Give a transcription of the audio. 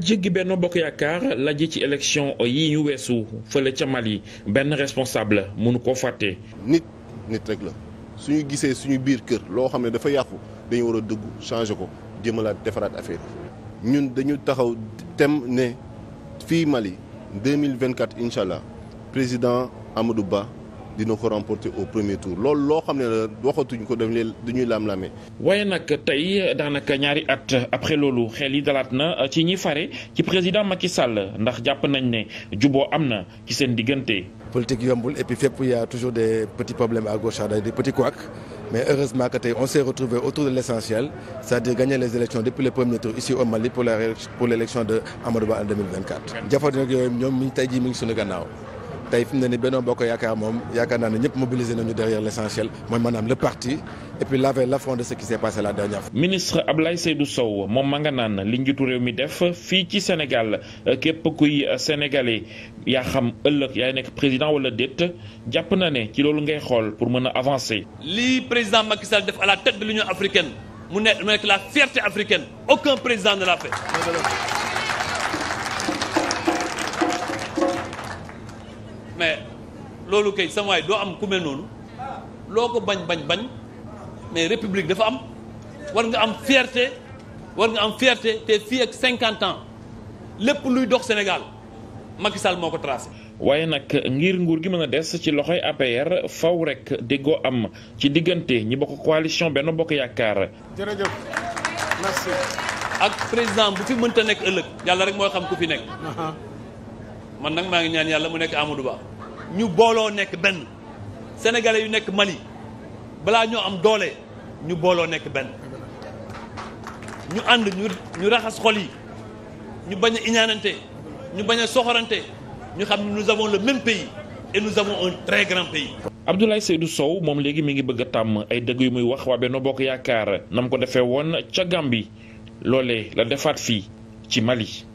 jéggi benn bokk yaakaar la ji ci élection yi ñu weesu fële ca Mali benn responsable mënu koo fàtte. nit nit rek la suñu gisee suñu biir kër loo xam ne dafa yàqu dañu war a dëggu changer ko jëmalaat defaraat affaire ñun dañu taxaw tem ne fii Mali 2024 incha allah président Amadou Ba. dina ko remporter au premier tour loolu loo xam ne la waxatuñ ko daf leen dañuy lam-lame. waaye nag tey daanaka ñaari at après loolu xel yi dalaat na ci ñi fare ci président Macky Sall ndax jàpp nañ ne juboo am na ci seen diggante. politique yombul et puis fépp a toujours des petits problèmes à gauche à droite des petits couacs mais heureusement que tey on s'est retrouvé autour de l'essentiel cest dire gagner les élections depuis le premier tour ici au pour la pour mi ngi sunu gannaaw. tey fi mu ne nii Benno Bokk Yaakaar moom yaakaar naa ne ñëpp mobiliser nañu derrière l' essentiel mooy maanaam le parti et puis laver de ce qui s' est la dernière fois. ministre Ablaye Seydou Sow moom ma nga naan li njiitu réew mi def fii ci Sénégal képp kuy sénégalais yaa xam ëllëk yaay nekk président wala déet jàpp na ne ci loolu ngay xool pour mën a avancer. li président Macky Sall def à la tête de l'Union africaine mu nekk la fierté africaine aucun président loolu kay sama waay doo am ku mel noonu loo ko bañ bañ bañ mais république dafa am war nga am fierté war nga am fierté te fii ak 50 ans lépp luy dox Sénégal Macky Sall moo ko tracé. waaye nag ngir nguur gi mën a des ci loxoy APR faw rek déggoo am ci diggante ñi bokk coalition benn bokk yaakaar. jërëjëf ak président bu fi mënta nekk ëllëg yàlla rek mooy xam ku fi nekk. man nag maa ngi ñaan yàlla mu nekk Amadou Ba. ñu booloo nekk benn sénégalais yu nekk Mali balaa ñoo am doole ñu booloo nekk benn ñu ànd ñu ñu raxas xol yi ñu bañ a iñaanante ñu bañ a soxorante ñu xam ne nous avons le même pays enu nous avons un très grand pays. Abdoulaye Seydou Sow moom léegi mi ngi bëgg a tàmm ay dëgg yu muy wax waa Benno Bokk Yaakaar na mu ko defee woon ca Gàmbi loolee la defaat fii ci Mali.